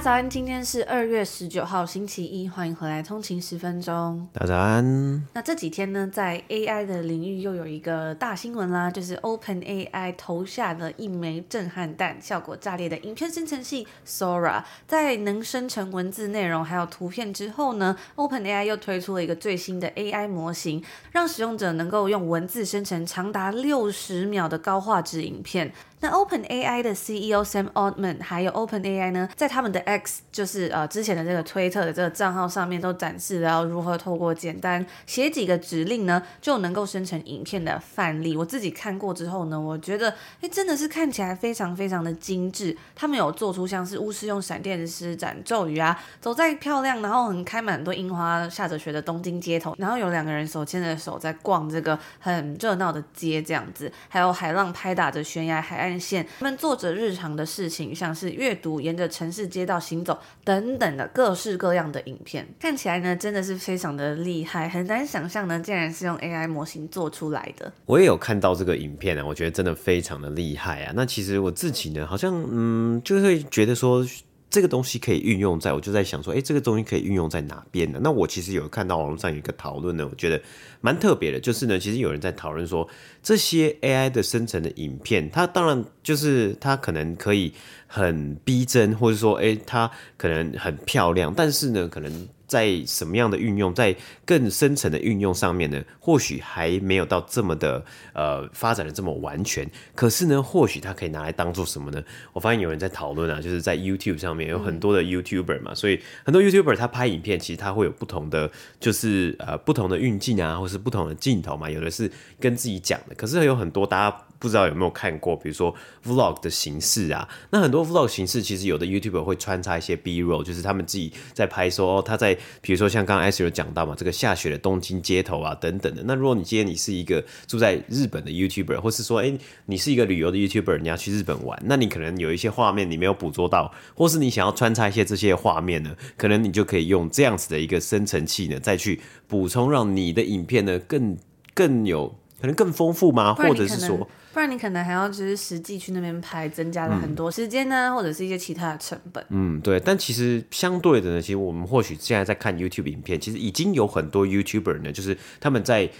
大家早安，今天是二月十九號星期一，歡迎回來通勤十分鐘。大家早安。那這幾天呢，在 AI 的領域又有一個大新聞啦，就是 OpenAI 投下了一枚震撼彈，效果炸裂的影片生成器 Sora，在能生成文字內容還有圖片之後呢，OpenAI 又推出了一個最新的 AI 模型，讓使用者能夠用文字生成長達六十秒的高畫質影片。那 OpenAI 的 CEO Sam Altman，還有 OpenAI 呢，在他們的 X，就是呃之前的這個推特的這個賬號上面，都展示了要如何透過簡單寫幾個指令呢，就能夠生成影片的範例。我自己看過之後呢，我覺得，哎、欸，真的是看起來非常非常的精致。他們有做出像是巫師用閃電施展咒語啊，走在漂亮，然後很開滿很多櫻花、下着雪的東京街頭，然後有兩個人手牽着手在逛這個很熱鬧的街這樣子，還有海浪拍打着懸崖海岸。他們做着日常的事情，像是閱讀、沿着城市街道行走等等的各式各樣的影片，看起來呢真的是非常的厲害，很難想象呢竟然是用 AI 模型做出來的。我也有看到這個影片啊，我覺得真的非常的厲害啊。那其實我自己呢，好像嗯，就會覺得說。這個東西可以運用在，我就在想說，哎，這個東西可以運用在哪邊呢？那我其實有看到網絡上有一個討論呢，我覺得蠻特別的，就是呢，其實有人在討論說，這些 AI 的生成的影片，它當然就是它可能可以很逼真，或者說，哎，它可能很漂亮，但是呢，可能。在什麼樣的運用，在更深層的運用上面呢？或許還沒有到這麼的呃發展的這麼完全。可是呢，或許它可以拿來當做什麼呢？我發現有人在討論啊，就是在 YouTube 上面有很多的 YouTuber 嘛，嗯、所以很多 YouTuber 他拍影片，其實他會有不同的，就是呃不同的運鏡啊，或是不同的鏡頭嘛。有的是跟自己講的，可是有很多大家不知道有沒有看過，比如說 Vlog 的形式啊，那很多 Vlog 形式其實有的 YouTuber 會穿插一些 B-roll，就是他們自己在拍說哦他在。比如說像剛剛艾斯有講到嘛，這個下雪的東京街頭啊等等的。那如果你今天你是一個住在日本的 YouTuber，或是說誒你是一個旅遊的 YouTuber，你要去日本玩，那你可能有一些畫面你沒有捕捉到，或是你想要穿插一些這些畫面呢，可能你就可以用這樣子的一個生成器呢，再去補充，讓你的影片呢更更有可能更豐富嗎？或者是說？不然你可能還要就是實際去那邊拍，增加了很多時間呢，啊，嗯，或者是一些其他的成本。嗯，對。但其實相對的呢，其實我們或許現在在看 YouTube 影片，其實已經有很多 YouTuber 呢，就是他們在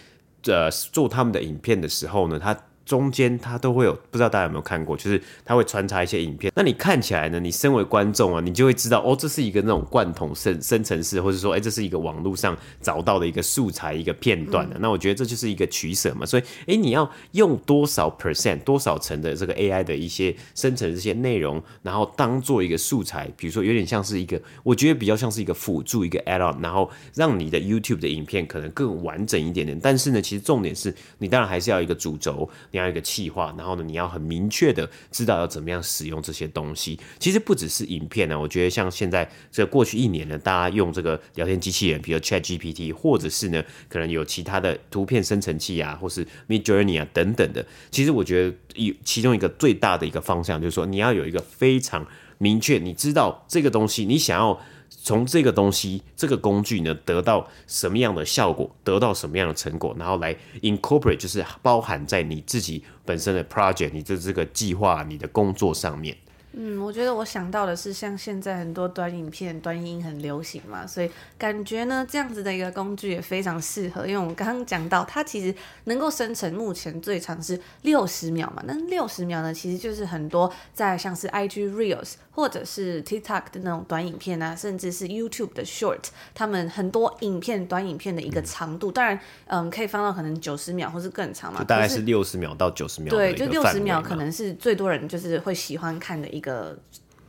呃做他們的影片的時候呢，他。中間它都會有，不知道大家有沒有看過，就是它會穿插一些影片。那你看起來呢？你身為觀眾啊，你就會知道哦，這是一個那種罐頭生生成式，或者說哎、欸，這是一個網絡上找到的一個素材一個片段的、啊。嗯、那我覺得這就是一個取捨嘛。所以哎、欸，你要用多少 percent、多少成的這個 AI 的一些生成的這些內容，然後當做一個素材，比如說有點像是一個，我覺得比較像是一個輔助一個 add-on，然後讓你的 YouTube 的影片可能更完整一點點。但是呢，其實重點是你當然還是要一個主軸。這樣一個計劃，然後呢，你要很明確的知道要怎麼樣使用這些東西。其實不只是影片呢、啊，我覺得像現在這個、過去一年呢，大家用這個聊天機器人，比如 ChatGPT，或者是呢，可能有其他的圖片生成器啊，或是 Midjourney 啊等等的。其實我覺得有其中一個最大的一個方向，就是說你要有一個非常明確，你知道這個東西你想要。從這個東西、這個工具呢，得到什麼樣的效果，得到什麼樣的成果，然後來 incorporate，就是包含在你自己本身的 project，你的這個計劃、你的工作上面。嗯，我覺得我想到的是，像現在很多短影片、短影音很流行嘛，所以感覺呢，這樣子的一個工具也非常適合。因為我剛剛講到，它其實能夠生成目前最長是六十秒嘛，那六十秒呢，其實就是很多在像是 IG Reels。或者是 TikTok 的那種短影片啊，甚至是 YouTube 的 Short，他們很多影片、短影片的一個長度，當然，嗯，可以放到可能九十秒或是更長嘛，就大概是六十秒到九十秒，對，就六十秒可能是最多人就是會喜歡看的一個。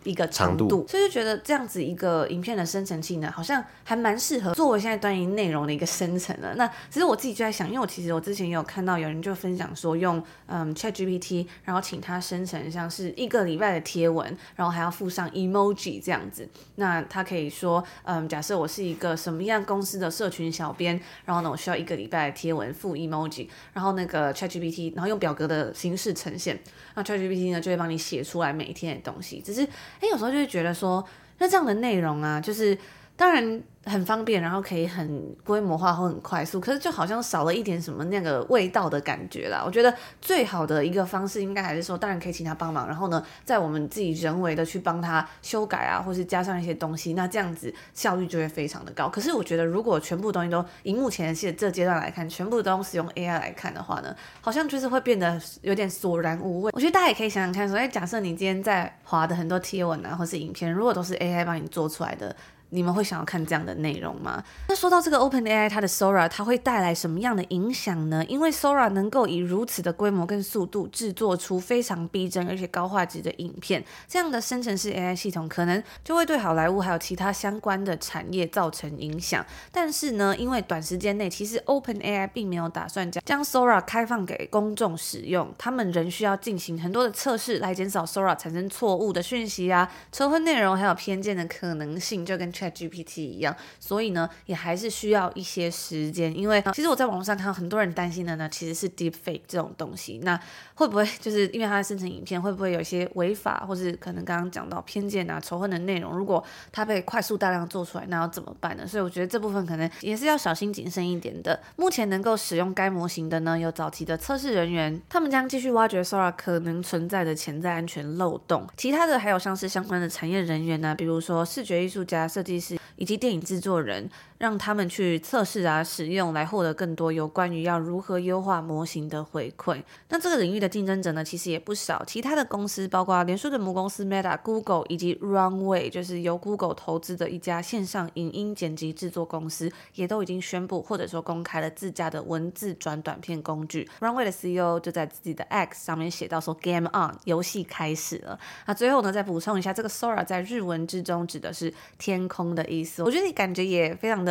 一個長度，長度，所以就覺得這樣子一個影片的生成器呢，好像還蠻適合作為現在短影音內容的一個生成了。那其實我自己就在想，因為我其實我之前有看到有人就分享說用，用嗯 Chat GPT，然後請他生成像是一個禮拜的貼文，然後還要附上 emoji 這樣子。那他可以說，嗯，假設我是一個什麼樣公司的社群小編，然後呢，我需要一個禮拜的貼文附 emoji，然後那個 Chat GPT，然後用表格的形式呈現。那 ChatGPT、啊、呢，就會幫你寫出來每一天的東西。只是，哎、欸，有時候就會覺得說，那這樣的內容啊，就是，當然很方便，然後可以很規模化或很快速，可是就好像少了一點什麼那個味道的感覺啦。我覺得最好的一個方式，應該還是說，當然可以請他幫忙，然後呢，在我們自己人為的去幫他修改啊，或是加上一些東西，那這樣子效率就會非常的高。可是我覺得，如果全部東西都以目前的，的這階段來看，全部都使用 AI 來看的話呢，好像就是會變得有點索然無味。我覺得大家也可以想想看說，說哎，假設你今天在滑的很多貼文啊，或是影片，如果都是 AI 幫你做出來的。你們會想要看這樣的內容嗎？那說到這個 OpenAI，它的 Sora，它會帶來什麼樣的影響呢？因為 Sora 能夠以如此的規模跟速度製作出非常逼真而且高畫質的影片，這樣的生成式 AI 系統可能就會對好萊塢還有其他相關的產業造成影響。但是呢，因為短時間內，其實 OpenAI 並沒有打算將將 Sora 開放給公眾使用，他們仍需要進行很多的測試來減少 Sora 產生錯誤的訊息啊、仇恨內容還有偏見的可能性，就跟。像 GPT 一樣，所以呢，也還是需要一些時間。因為其實我在網絡上看到很多人擔心的呢，其實是 Deepfake 這種東西。那會不會就是因為它的生成影片，會不會有一些違法，或是可能剛剛講到偏見啊、仇恨的內容？如果它被快速大量做出來，那要怎麼辦呢？所以我覺得這部分可能也是要小心謹慎一點的。目前能夠使用該模型的呢，有早期的測試人員，他們將繼續挖掘 Sora 可能存在的潛在安全漏洞。其他的還有像是相關的產業人員呢、啊，比如說視覺藝術家、設計。其實，以及電影製作人。讓他們去測試啊，使用來獲得更多有關於要如何優化模型的回饋。那這個領域的競爭者呢，其實也不少。其他的公司，包括臉書的母公司 Meta、Google，以及 Runway，就是由 Google 投資的一家線上影音剪輯制作公司，也都已經宣佈或者說公開了自家的文字轉短片工具。Runway 的 CEO 就在自己的 X 上面寫到說：“Game on，遊戲開始了。”那最後呢，再補充一下，這個 Sora 在日文之中指的是天空的意思。我覺得你感覺也非常的。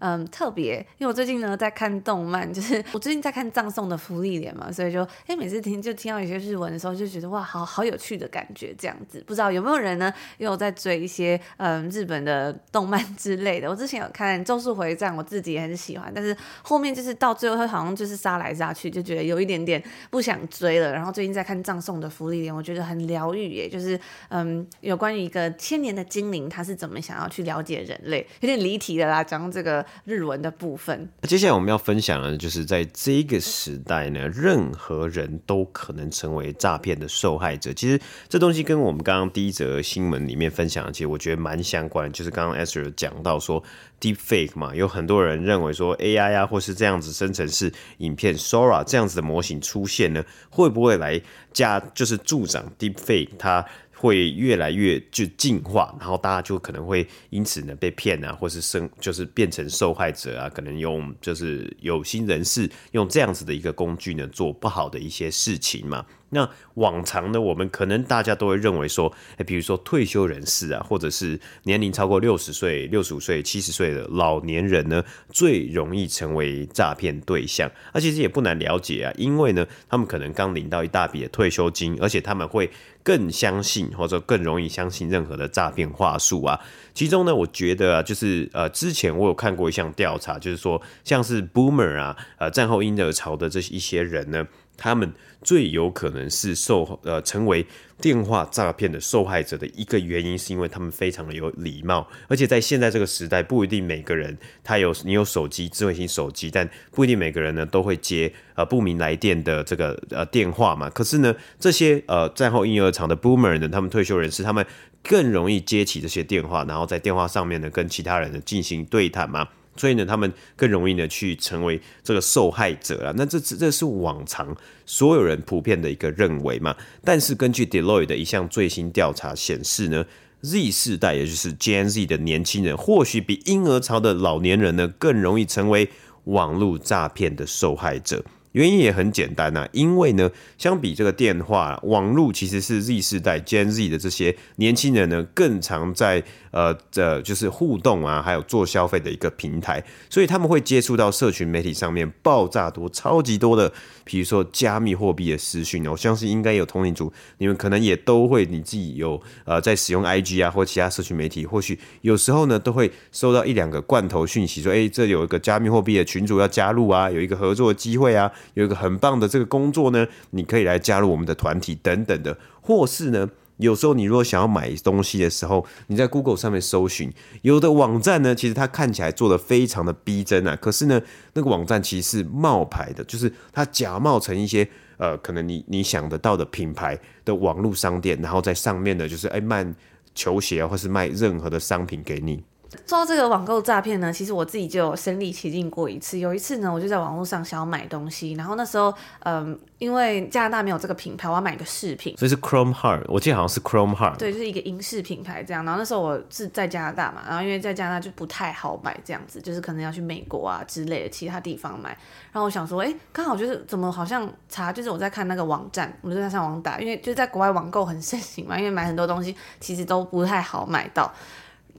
嗯，特別，因為我最近呢在看動漫，就是我最近在看《葬送的芙莉蓮》嘛，所以就，哎、欸，每次聽就聽到一些日文的時候，就覺得哇，好好有趣的感覺，這樣子。不知道有沒有人呢，也有在追一些嗯日本的動漫之類的。我之前有看《咒術迴戰》，我自己也很喜歡，但是後面就是到最後，好像就是殺來殺去，就覺得有一點點不想追了。然後最近在看《葬送的芙莉蓮》，我覺得很療癒耶，就是嗯，有關於一個千年的精靈，他是怎麼想要去了解人類，有點離題的啦，講這個。日文的部分。啊，接下來我們要分享的就是在這個時代呢，任何人都可能成為詐騙的受害者。其實這東西跟我們剛剛第一則新聞裡面分享的，其實我覺得蠻相關。就是剛剛 Andrew 講到說 Deepfake 嘛，有很多人認為說 AI 呀、啊，或是這樣子生成式影片 Sora 這樣子的模型出現呢，會不會來加，就是助長 Deepfake 它？會越來越就進化，然後大家就可能會因此呢被騙啊，或是生就是變成受害者啊，可能用就是有心人士用這樣子的一個工具呢做不好的一些事情嘛。那往常呢，我們可能大家都會認為說，哎，比如說退休人士啊，或者是年齡超過六十歲、六十五歲、七十歲的老年人呢，最容易成為詐騙對象。那其實也不難了解啊，因為呢，他們可能剛領到一大筆的退休金，而且他們會。更相信或者更容易相信任何的詐騙話術啊，其中呢，我覺得啊，就是呃，之前我有看過一項調查，就是說，像是 Boomer 啊，呃，戰後嬰兒潮的這一些人呢。他們最有可能是受呃，成為電話詐騙的受害者的一個原因，是因為他們非常的有禮貌，而且在現在這個時代，不一定每個人他有你有手機，智慧型手機，但不一定每個人呢都會接呃，不明來電的這個呃電話嘛。可是呢，這些呃戰後嬰兒潮的 boomer 呢，他們退休人士，他們更容易接起這些電話，然後在電話上面呢跟其他人呢進行對談嘛。所以呢，他們更容易呢去成為這個受害者啊。那這這是往常所有人普遍的一個認為嘛。但是根據 Deloitte 的一項最新調查顯示呢，Z 世代也就是 Gen Z 的年輕人，或許比嬰兒潮的老年人呢更容易成為網絡詐騙的受害者。原因也很簡單啊，因為呢，相比這個電話、網絡，其實是 Z 世代 Gen Z 的這些年輕人呢，更常在呃，這、呃、就是互動啊，還有做消費的一個平台，所以他們會接觸到社群媒體上面爆炸多、超級多的。比如說加密貨幣的私訊，我相信應該有同齡族，你們可能也都會你自己有呃在使用 IG 啊或其他社群媒體，或許有時候呢都會收到一兩個罐頭訊息，說哎、欸，這有一個加密貨幣的群組要加入啊，有一個合作機會啊，有一個很棒的這個工作呢，你可以來加入我們的團體等等的，或是呢。有時候你如果想要買東西的時候，你在 Google 上面搜尋，有的網站呢，其實它看起來做得非常的逼真啊，可是呢，那個網站其實是冒牌的，就是它假冒成一些呃，可能你你想得到的品牌的網絡商店，然後在上面呢，就是哎、欸、賣球鞋啊，或是賣任何的商品給你。受到這個網購詐騙呢，其實我自己就有身歷其境過一次。有一次呢，我就在網絡上想要買東西，然後那時候，嗯，因為加拿大沒有這個品牌，我要買一個飾品。所以是 Chrome Heart，我記得好像是 Chrome Heart。對，就是一個英式品牌這樣。然後那時候我是在加拿大嘛，然後因為在加拿大就不太好買這樣子，就是可能要去美國啊之類的其他地方買。然後我想說，哎、欸，剛好就是怎麼好像查，就是我在看那個網站，我就在上網打，因為就是在國外網購很盛行嘛，因為買很多東西其實都不太好買到。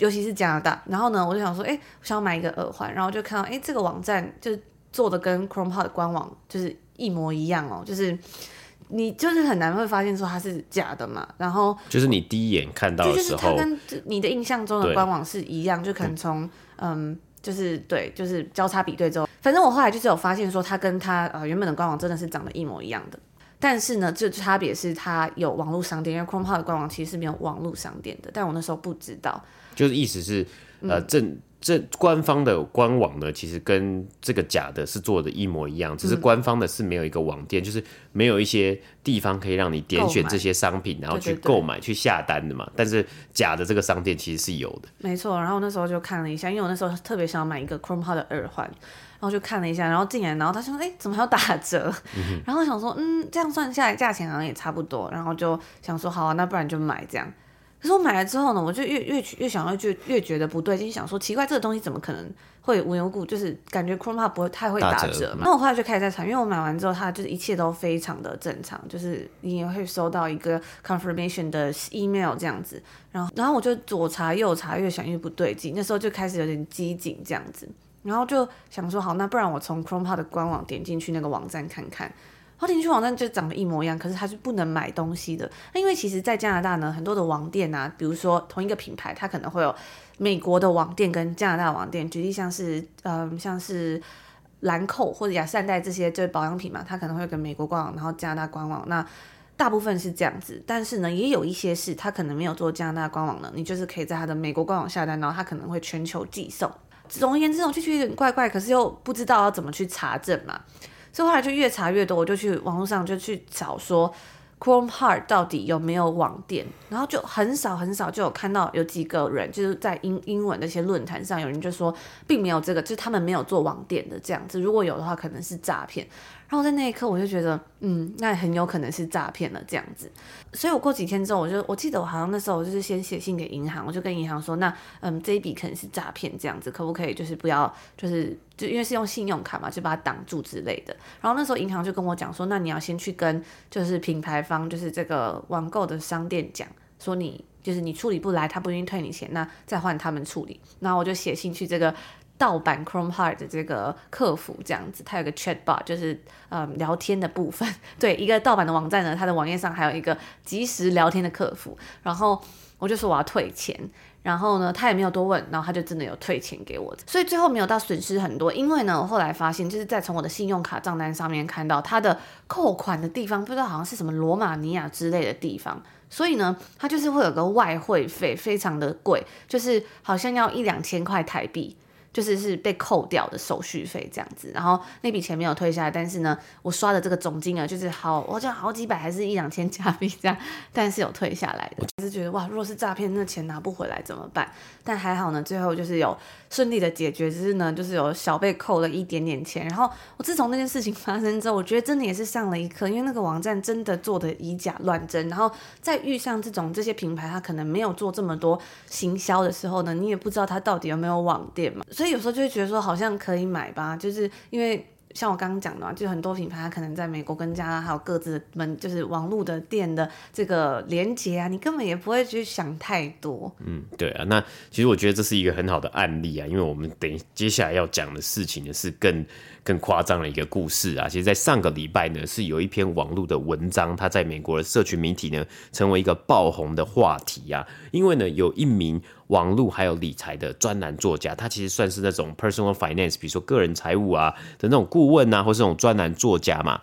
尤其是加拿大，然後呢，我就想說，哎，我想要買一個耳環，然後就看到，哎，這個網站就做的跟 Chrome Park 官網就是一模一樣哦，就是你就是很難會發現說它是假的嘛。然後就是你第一眼看到的時候，就就是它跟你的印象中的官網是一樣，對就可能從嗯，就是對，就是交叉比對之後，反正我後來就是有發現說，它跟它呃原本的官網真的是長得一模一樣的。但是呢，這差別是它有網絡商店，因為 Chrome Pod 的官網其實是沒有網絡商店的。但我那時候不知道，就是意思是，呃，這這官方的官網呢，其實跟這個假的是做的一模一樣，只是官方的是沒有一個網店，嗯、就是沒有一些地方可以讓你點選這些商品，買然後去購買、對對對去下單的嘛。但是假的這個商店其實是有的，沒錯。然後我那時候就看了一下，因為我那時候特別想要買一個 Chrome Pod 的耳環。然後就看了一下，然後進來，然後他說：“哎，怎麼還有打折？”嗯、哼然後想說：“嗯，這樣算下來價錢好像也差不多。”然後就想說：“好啊，那不然就買這樣。”可是我買了之後呢，我就越越越想要，就越覺得不對勁，想說：“奇怪，這個東西怎麼可能會無緣無故就是感覺 Crompa 不太會打折嘛？”那折我後來就開始在查，因為我買完之後，它就是一切都非常的正常，就是你也會收到一個 confirmation 的 email 這樣子。然後，然後我就左查右查，越想越不對勁，那時候就開始有點機警這樣子。然後就想說好，那不然我從 ChromePod 的官網點進去那個網站看看。然後點進去網站就長得一模一樣，可是它是不能買東西的。因為其實，在加拿大呢，很多的網店啊，比如說同一個品牌，它可能會有美國的網店跟加拿大網店。舉例像是，嗯、呃，像是蘭蔻或者雅詩蘭黛這些，就是保養品嘛，它可能會有美國官網，然後加拿大官網。那大部分是這樣子，但是呢，也有一些是它可能沒有做加拿大官網呢，你就是可以在它的美國官網下單，然後它可能會全球寄送。總而言之，我就覺得有點怪怪，可是又不知道要怎麼去查證嘛，所以後來就越查越多，我就去網絡上就去找說 Chrome Heart 到底有沒有網店，然後就很少很少就有看到有幾個人就是在英英文那些論壇上有人就說並沒有這個，就是他們沒有做網店的這樣子，如果有的話，可能是詐騙。然後在那一刻，我就覺得，嗯，那很有可能是詐騙了這樣子。所以我過幾天之後，我就我記得我好像那時候我就是先寫信給銀行，我就跟銀行說，那嗯這一筆可能是詐騙這樣子，可不可以就是不要就是就因為是用信用卡嘛，就把它擋住之類的。然後那時候銀行就跟我講說，那你要先去跟就是品牌方，就是這個網購的商店講，說你就是你處理不來，他不願意退你錢，那再換他們處理。然後我就寫信去這個。盜版 Chrome Heart 的這個客服這樣子，它有個 chatbot，就是嗯聊天的部分。對一個盜版的網站呢，它的網頁上還有一個即時聊天的客服。然後我就說我要退錢，然後呢他也沒有多問，然後他就真的有退錢給我。所以最後沒有到損失很多。因為呢，我後來發現就是在從我的信用卡賬單上面看到他的扣款的地方，不知道好像是什麼羅馬尼亞之類的地方，所以呢他就是會有個外匯費，非常的貴，就是好像要一兩千塊台幣，就是是被扣掉的手續費這樣子，然後那筆錢沒有退下來，但是呢，我刷的這個總金額就是好，我好像好幾百還是一兩千加幣這樣，但是有退下來的，還 是覺得哇，如果是詐騙，那錢拿不回來怎麼辦？但還好呢，最後就是有順利的解決，只、就是呢，就是有小被扣了一點點錢。然後我自從那件事情發生之後，我覺得真的也是上了一課，因為那個網站真的做的以假亂真。然後在遇上這種這些品牌，它可能沒有做這麼多行銷的時候呢，你也不知道它到底有沒有網店嘛。所以有時候就會覺得說好像可以買吧，就是因為像我剛剛講的嘛、啊，就很多品牌可能在美國跟加拿大還有各自的門，就是網絡的店的這個連接啊，你根本也不會去想太多。嗯，對啊，那其實我覺得這是一個很好的案例啊，因為我們等接下來要講的事情呢是更。更誇張的一個故事啊！其實，在上個禮拜呢，是有一篇網絡的文章，它在美國的社群媒體呢，成為一個爆紅的話題啊。因為呢，有一名網絡還有理財的專欄作家，他其實算是那種 personal finance，比如說個人財務啊的那種顧問啊，或是那種專欄作家嘛。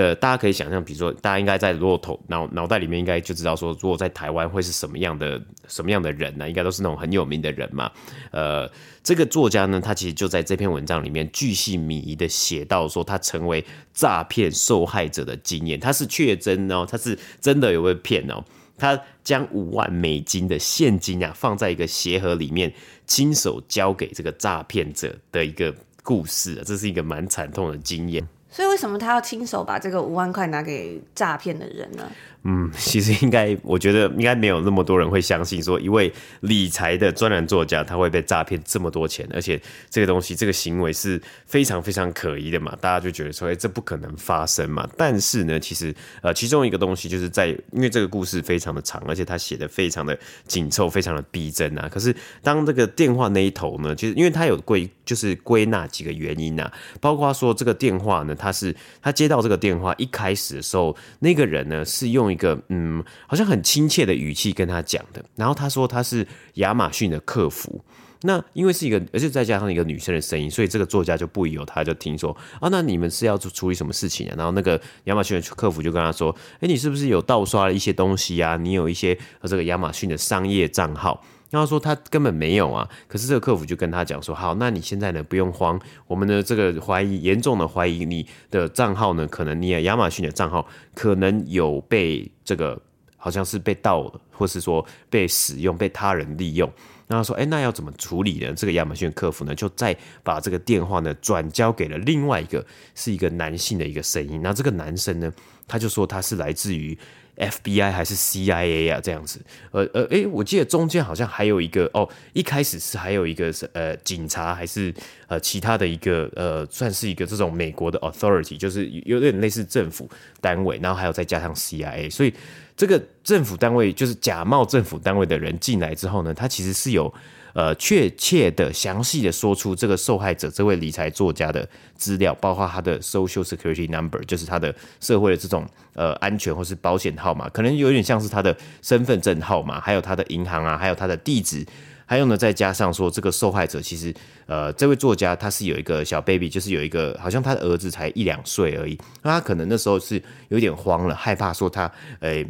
呃，大家可以想象，比如說，大家應該在落頭腦腦袋裡面應該就知道說，如果在台灣會是什麼樣的什麼樣的人呢、啊？應該都是那種很有名的人嘛。呃，這個作家呢，他其實就在這篇文章裡面巨細靡遺的寫到說，他成為詐騙受害者的經驗，他是確真哦，他是真的有被騙哦。他將五萬美金的現金啊放在一個鞋盒裡面，親手交給這個詐騙者的一個故事，這是一個蠻慘痛的經驗。所以，為什麼他要親手把這個五萬塊拿給詐騙的人呢？嗯，其實應該，我覺得應該沒有那麼多人會相信說，一位理財的專欄作家他會被詐騙這麼多錢，而且這個東西這個行為是非常非常可疑的嘛，大家就覺得說哎、欸，這不可能發生嘛。但是呢，其實呃，其中一個東西就是在因為這個故事非常的長，而且他寫得非常的緊湊，非常的逼真啊。可是當這個電話那一頭呢，其實就是因為他有歸就是歸納幾個原因啊，包括說這個電話呢，他是他接到這個電話一開始的時候，那個人呢是用一個一個嗯，好像很親切的語氣跟他講的，然後他說他是亞馬遜的客服，那因為是一個，而且再加上一個女生的聲音，所以這個作家就不由他就聽說啊，那你們是要處理什麼事情啊？然後那個亞馬遜的客服就跟他說，哎，你是不是有盜刷了一些東西啊？你有一些這個亞馬遜的商業賬號。然後說他根本沒有啊，可是這個客服就跟他講說，好，那你現在呢不用慌，我們的這個懷疑嚴重的懷疑你的賬號呢，可能你的亞馬遜的賬號可能有被這個好像是被盜了，或是說被使用、被他人利用。然後說，哎，那要怎麼處理呢？這個亞馬遜客服呢，就再把這個電話呢轉交給了另外一個，是一個男性的一個聲音。那這個男生呢，他就說他是來自於。FBI 還是 CIA 啊，這樣子，呃呃，誒、欸，我記得中間好像還有一個哦，一開始是還有一個是呃警察還是呃其他的一個呃，算是一個這種美國的 authority，就是有點類似政府單位，然後還有再加上 CIA，所以這個政府單位就是假冒政府單位的人進來之後呢，他其實是有。呃，確切的、詳細的說出這個受害者這位理財作家的資料，包括他的 Social Security Number，就是他的社會的這種呃安全或是保險號碼，可能有點像是他的身份證號碼，還有他的銀行啊，還有他的地址，還有呢，再加上說這個受害者其實呃這位作家他是有一個小 baby，就是有一個好像他的兒子才一兩歲而已，那他可能那時候是有點慌了，害怕說他誒。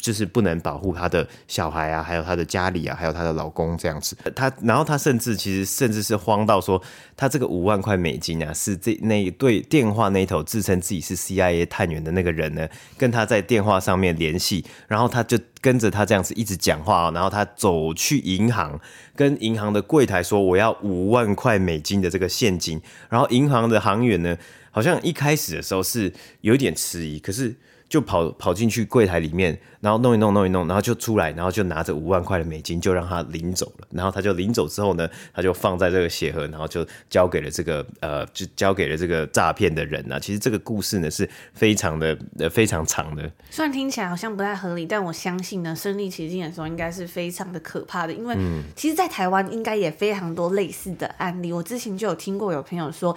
就是不能保護她的小孩啊，還有她的家裡啊，還有她的老公這樣子。她，然後她甚至其實甚至是慌到說，她這個五萬塊美金啊，是這那一對電話那頭自稱自己是 CIA 探員的那個人呢，跟她在電話上面聯繫，然後他就跟着他這樣子一直講話喔，然後他走去銀行，跟銀行的櫃台說我要五萬塊美金的這個現金，然後銀行的行員呢，好像一開始的時候是有點遲疑，可是，就跑跑進去櫃檯裡面，然後弄一弄弄一弄，然後就出來，然後就拿着五萬塊的美金就讓他領走了。然後他就領走之後呢，他就放在這個鞋盒，然後就交給了這個呃，就交給了這個詐騙的人啊。其實這個故事呢，是非常的呃非常長的。雖然聽起來好像不太合理，但我相信呢，身歷其境的時候應該是非常的可怕的。因為其實，在台灣應該也非常多類似的案例。嗯，我之前就有聽過有朋友說，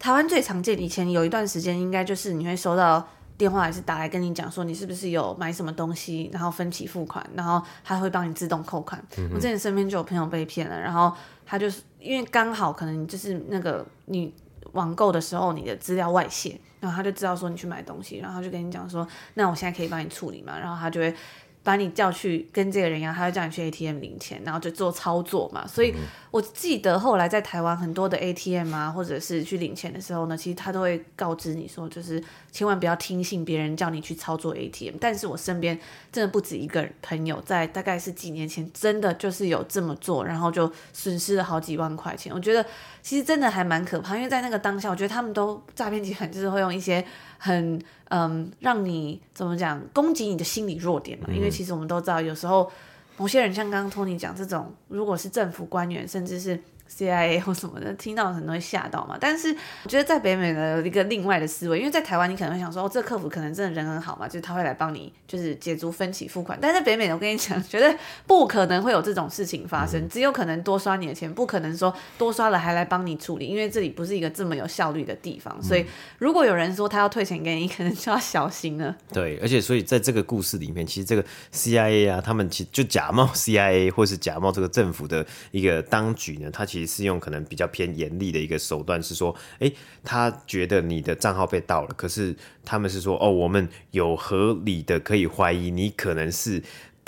台灣最常見以前有一段時間，應該就是你會收到。電話也是打來跟你講說，你是不是有買什麼東西，然後分期付款，然後他會幫你自動扣款。嗯嗯，我之前身邊就有朋友被騙了，然後他就是因為剛好可能就是那個你網購的時候，你的資料外泄，然後他就知道說你去買東西，然後他就跟你講說，那我現在可以幫你處理嘛，然後他就會。把你叫去跟這個人呀，他會叫你去 ATM 領錢，然後就做操作嘛。所以我記得後來在台灣很多的 ATM 啊，或者是去領錢的時候呢，其實他都會告知你說，就是千萬不要聽信別人叫你去操作 ATM。但是我身邊真的不止一個朋友，在大概是幾年前，真的就是有這麼做，然後就損失了好幾萬塊錢。我覺得其實真的還蠻可怕，因為在那個當下，我覺得他們都詐騙集團就是會用一些很。嗯，讓你怎麼講，攻擊你的心理弱點嘛。因為其實我們都知道，有時候某些人像剛剛托尼講這種，如果是政府官員，甚至是。CIA 或什麼的，聽到很多會嚇到嘛。但是我覺得在北美的有一個另外的思維，因為在台灣你可能會想說，哦，這個客服可能真的人很好嘛，就是他會來幫你，就是解除分期付款。但在北美，我跟你講，覺得不可能會有這種事情發生，只有可能多刷你的錢，不可能說多刷了還來幫你處理，因為這裡不是一個這麼有效率的地方。所以如果有人說他要退錢給你，你可能就要小心了。對，而且所以在這個故事裡面，其實這個 CIA 啊，他們其實就假冒 CIA 或是假冒這個政府的一個當局呢，他其實。是用可能比較偏嚴厲的一個手段，是說，誒、欸，他覺得你的賬號被盜了，可是他們是說，哦，我們有合理的可以懷疑你可能是。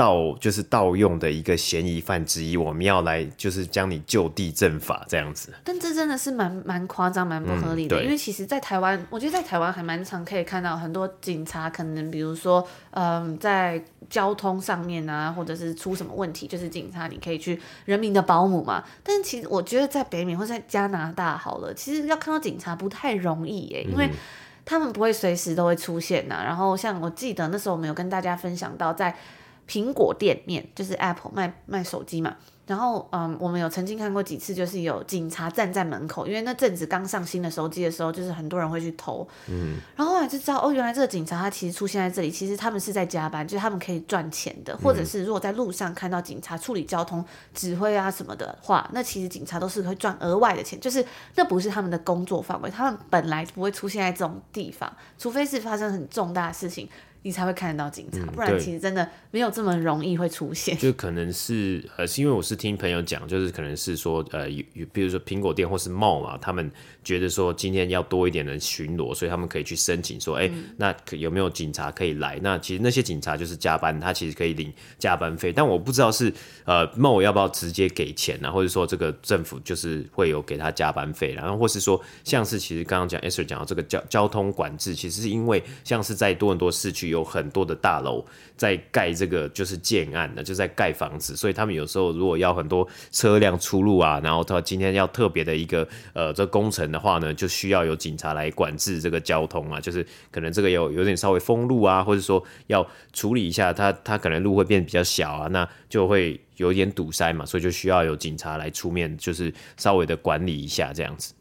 盜就是盜用的一個嫌疑犯之一，我們要來就是將你就地正法這樣子。但這真的是蠻蠻誇張、蠻不合理的，嗯、對。因為其實，在台灣，我覺得在台灣還蠻常可以看到很多警察，可能比如說，嗯，在交通上面啊，或者是出什麼問題，就是警察你可以去人民的保姆嘛。但其實我覺得在北美或在加拿大，好了，其實要看到警察不太容易耶、欸，因為他們不會隨時都會出現吶、啊。嗯、然後，像我記得那時候我們有跟大家分享到在。蘋果店面就是 Apple 賣賣手機嘛，然後嗯，我們有曾經看過幾次，就是有警察站在門口，因為那陣子剛上新的手機的時候，就是很多人會去偷，嗯，然後後來就知道哦，原來這個警察他其實出現在這裡，其實他們是在加班，就是他們可以賺錢的，或者是如果在路上看到警察處理交通指揮啊什麼的話，那其實警察都是會賺額外的錢，就是那不是他們的工作範圍，他們本來不會出現在這種地方，除非是發生很重大的事情。你才會看得到警察，嗯、不然其實真的沒有這麼容易會出現。就可能是呃，是因為我是聽朋友講，就是可能是說呃，有有，比如說蘋果店或是 mall 啊，他們。覺得說今天要多一點人巡邏，所以他們可以去申請說，哎、欸，那有沒有警察可以來？那其實那些警察就是加班，他其實可以領加班費，但我不知道是呃，孟我要不要直接給錢啊，或者說這個政府就是會有給他加班費、啊，然後或是說像是其實剛剛講 Escher 講到這個交交通管制，其實是因為像是在多很多市區有很多的大樓在蓋這個就是建案的，就在蓋房子，所以他們有時候如果要很多車輛出入啊，然後他今天要特別的一個呃這個、工程。的話呢，就需要有警察來管制這個交通啊，就是可能這個有有點稍微封路啊，或者說要處理一下，它，它可能路會變比較小啊，那就會有一點堵塞嘛，所以就需要有警察來出面，就是稍微的管理一下這樣子。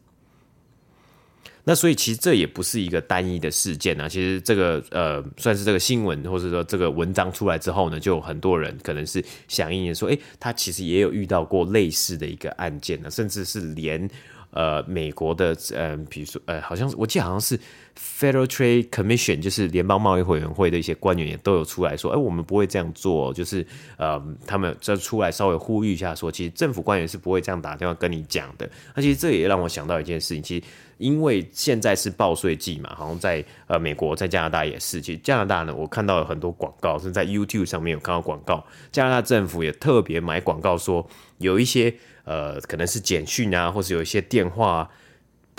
那所以其實這也不是一個單一的事件啊，其實這個呃算是這個新聞，或者說這個文章出來之後呢，就有很多人可能是響應說，誒，他其實也有遇到過類似的一個案件呢，甚至是連。呃，美國的，嗯，呃，比如說，呃，好像我記得好像是。Federal Trade Commission 就是聯邦貿易委員會的一些官員也都有出來說，哎、欸，我們不會這樣做、哦，就是呃，他們就出來稍微呼籲一下說，說其實政府官員是不會這樣打電話跟你講的。那、啊、其實這也讓我想到一件事情，其實因為現在是報稅季嘛，好像在呃美國，在加拿大也是。其實加拿大呢，我看到有很多廣告，是在 YouTube 上面有看到廣告，加拿大政府也特別買廣告說，有一些呃可能是簡訊啊，或者有一些電話、啊。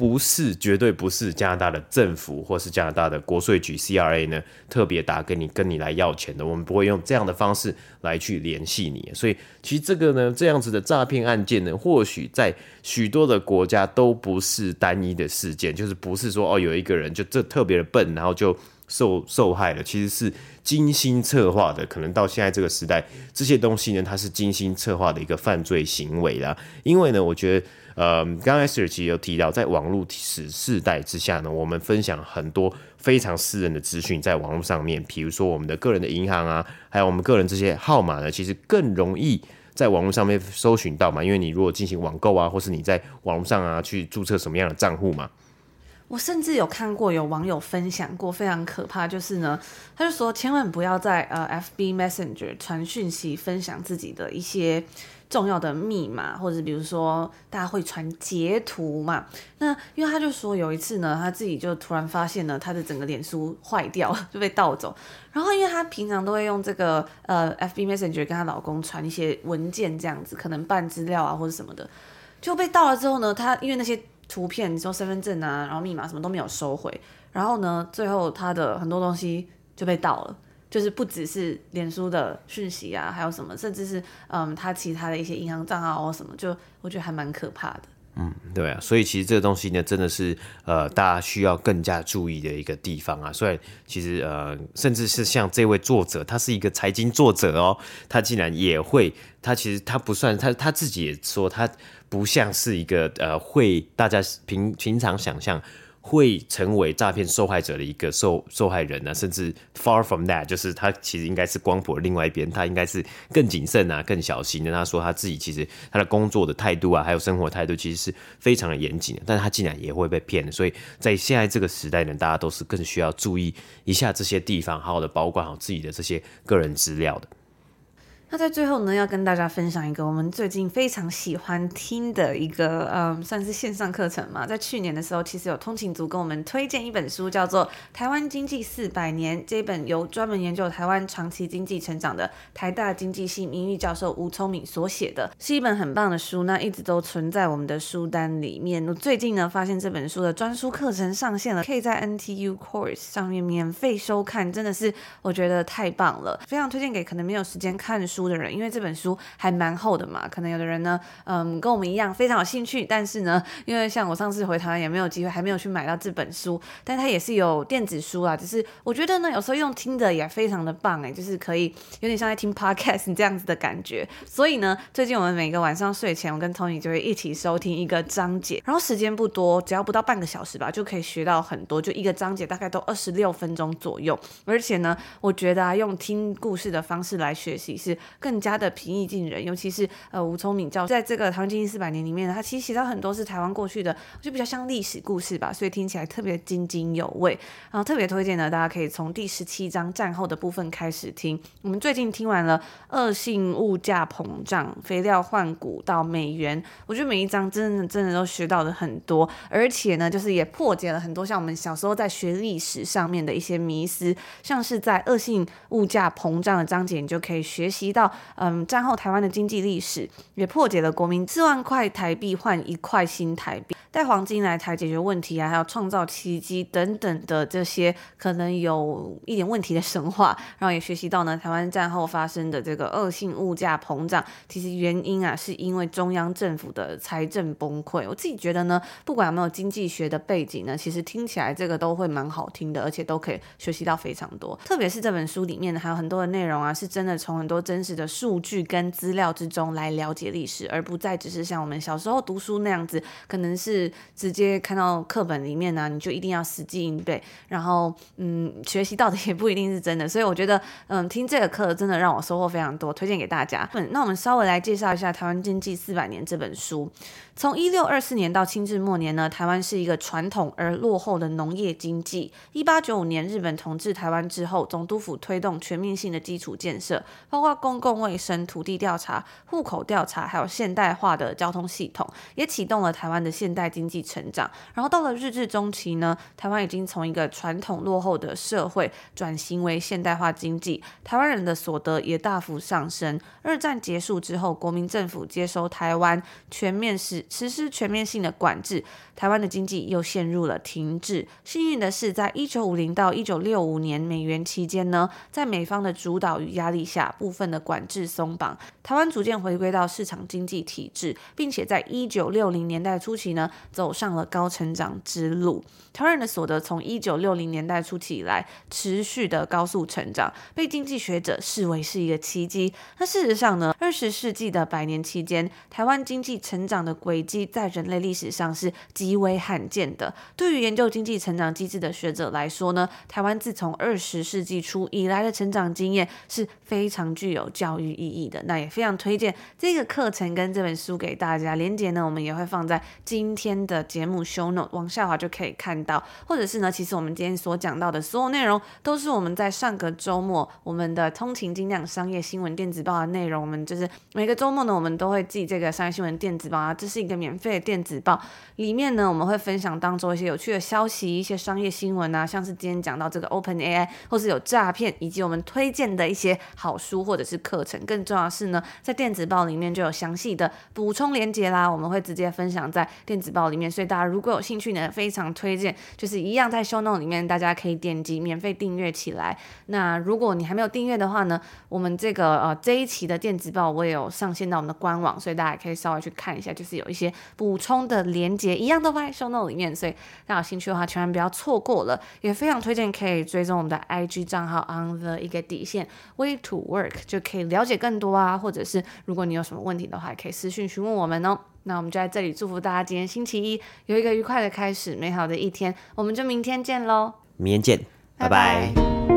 不是，絕對不是加拿大的政府，或是加拿大的國稅局 （CRA） 呢，特別打給你，跟你來要錢的。我們不會用這樣的方式來去聯繫你。所以，其實這個呢，這樣子的詐騙案件呢，或許在許多的國家都不是單一的事件，就是不是說哦，有一個人就這特別的笨，然後就受受害了。其實是精心策劃的，可能到現在這個時代，這些東西呢，它是精心策劃的一個犯罪行為啦。因為呢，我覺得。呃，剛才其實有提到，在網絡世代之下呢，我們分享很多非常私人的資訊在網絡上面，譬如說我們的個人的銀行啊，還有我們個人這些號碼呢，其實更容易在網絡上面搜尋到嘛。因為你如果進行網購啊，或是你在網絡上啊去註冊什麼樣的賬戶嘛，我甚至有看過有網友分享過非常可怕，就是呢，他就說千萬不要在呃，FB Messenger 傳訊息分享自己的一些。重要的密碼，或者比如說大家會傳截圖嘛。那因為他就說有一次呢，他自己就突然發現呢，他的整個臉書壞掉，就被盜走。然後因為他平常都會用這個呃，FB Messenger 跟他老公傳一些文件這樣子，可能辦資料啊或者什麼的，就被盜了之後呢，他因為那些圖片，你說身份證啊，然後密碼什麼都沒有收回，然後呢，最後他的很多東西就被盜了。就是不只是臉書的訊息啊，還有什麼，甚至是嗯，他其他的一些銀行賬號啊，什麼，就我覺得還蠻可怕的。嗯，對啊，所以其實這個東西呢，真的是呃，大家需要更加注意的一個地方啊。所以其實呃，甚至是像這位作者，他是一個財經作者哦，他竟然也會，他其實他不算，他他自己也說，他不像是一個呃，會大家平平常想象。會成為詐騙受害者的一個受受害人呢，啊，甚至 far from that，就是他其實應該是光譜另外一邊，他應該是更謹慎啊，更小心的。他說他自己其實他的工作的態度啊，還有生活態度其實是非常的嚴謹的，但是他竟然也會被騙。所以在現在這個時代呢，大家都是更需要注意一下這些地方，好好的保管好自己的這些個人資料的。那在最後呢，要跟大家分享一個我們最近非常喜歡聽的一個，嗯，算是線上課程嘛。在去年的時候，其實有通勤族跟我們推薦一本書，叫做《台灣經濟四百年》。這一本由專門研究台灣長期經濟成長的台大經濟系名譽教授吳聰敏所寫的，是一本很棒的書。那一直都存在我們的書單裡面。最近呢，發現這本書的專書課程上線了，可以在 NTU Course 上面免費收看，真的是我覺得太棒了，非常推薦給可能沒有時間看書。書的人，因為這本書還蠻厚的嘛，可能有的人呢，嗯，跟我們一樣非常有興趣，但是呢，因為像我上次回台灣也沒有機會，還沒有去買到這本書，但它也是有電子書啊，就是我覺得呢，有時候用聽的也非常的棒欸，就是可以有點像在聽 podcast 這樣子的感覺，所以呢，最近我們每個晚上睡前，我跟 Tony 就會一起收聽一個章節，然後時間不多，只要不到半個小時吧，就可以學到很多，就一個章節大概都二十六分鐘左右，而且呢，我覺得啊，用聽故事的方式來學習是更加的平易近人，尤其是呃吳聰敏教授在這個《台灣經濟四百年》裡面呢，他其實寫到很多是台灣過去的，就比較像歷史故事吧，所以聽起來特別津津有味。然後特別推薦呢，大家可以從第十七章戰後的部分開始聽。我們最近聽完了惡性物價膨脹、肥料換股到美元，我覺得每一章真的真的都學到了很多，而且呢，就是也破解了很多像我們小時候在學歷史上面的一些迷思，像是在惡性物價膨脹的章節，你就可以學習到。到嗯，戰後台灣的經濟歷史，也破解了國民四萬塊台幣換一塊新台幣、帶黃金來台解決問題啊，還有創造奇蹟等等的這些可能有一點問題的神話，然後也學習到呢，台灣戰後發生的這個惡性物價膨脹，其實原因啊是因為中央政府的財政崩潰。我自己覺得呢，不管有沒有經濟學的背景呢，其實聽起來這個都會蠻好聽的，而且都可以學習到非常多。特別是這本書裡面還有很多的內容啊，是真的從很多真實。的數據跟資料之中來了解歷史，而不再只是像我們小時候讀書那樣子，可能是直接看到課本裡面呢、啊，你就一定要死記硬背，然後嗯，學習到的也不一定是真的。所以我覺得，嗯，聽這個課真的讓我收穫非常多，推薦給大家。嗯，那我們稍微來介紹一下《台灣經濟四百年》這本書。從一六二四年到清治末年呢，台灣是一個傳統而落後的農業經濟。一八九五年日本統治台灣之後，總督府推動全面性的基礎建設，包括公共衛生、土地調查、戶口調查，還有現代化的交通系統，也啟動了台灣的現代經濟成長。然後到了日治中期呢，台灣已經從一個傳統落後的社會轉型為現代化經濟，台灣人的所得也大幅上升。二戰結束之後，國民政府接收台灣，全面是。實施全面性的管制，台灣的經濟又陷入了停滯。幸運的是，在一九五零到一九六五年美援期間呢，在美方的主導與壓力下，部分的管制鬆綁，台灣逐漸回歸到市場經濟體制，並且在一九六零年代初期呢，走上了高成長之路。台灣的所得從一九六零年代初期以來持續的高速成長，被經濟學者視為是一個奇蹟。那事實上呢，二十世紀的百年期間，台灣經濟成長的軌。軌跡在人類歷史上是極為罕見的。對於研究經濟成長機制的學者來說呢，台灣自從二十世紀初以來的成長經驗是非常具有教育意義的。那也非常推薦這個課程跟這本書給大家。連結呢，我們也會放在今天的節目 show note，往下滑就可以看到。或者是呢，其實我們今天所講到的所有內容，都是我們在上個周末我們的通勤精釀商業新聞電子報的內容。我們就是每個周末呢，我們都會寄這個商業新聞電子報啊，這是。一個免費的電子報裡面呢，我們會分享當中一些有趣的消息、一些商業新聞啊，像是今天講到這個 OpenAI，或是有詐騙，以及我們推薦的一些好書或者是課程。更重要的是呢，在電子報裡面就有詳細的補充鏈接啦，我們會直接分享在電子報裡面，所以大家如果有興趣呢，非常推薦，就是一樣在 Show Note 裡面，大家可以點擊免費訂閱起來。那如果你還沒有訂閱的話呢，我們這個呃這一期的電子報我也有上線到我們的官網，所以大家也可以稍微去看一下，就是有。一些補充的連接，一樣都放在 show note 裡面，所以大家有興趣的話，千萬不要錯過了。也非常推薦可以追蹤我們的 I G 賬號 on the 一個底線 way to work，就可以了解更多啊，或者是如果你有什麼問題的話，也可以私訊詢問我們哦、喔。那我們就在這裡祝福大家今天星期一有一個愉快的開始，美好的一天，我們就明天見嘍。明天見，拜拜。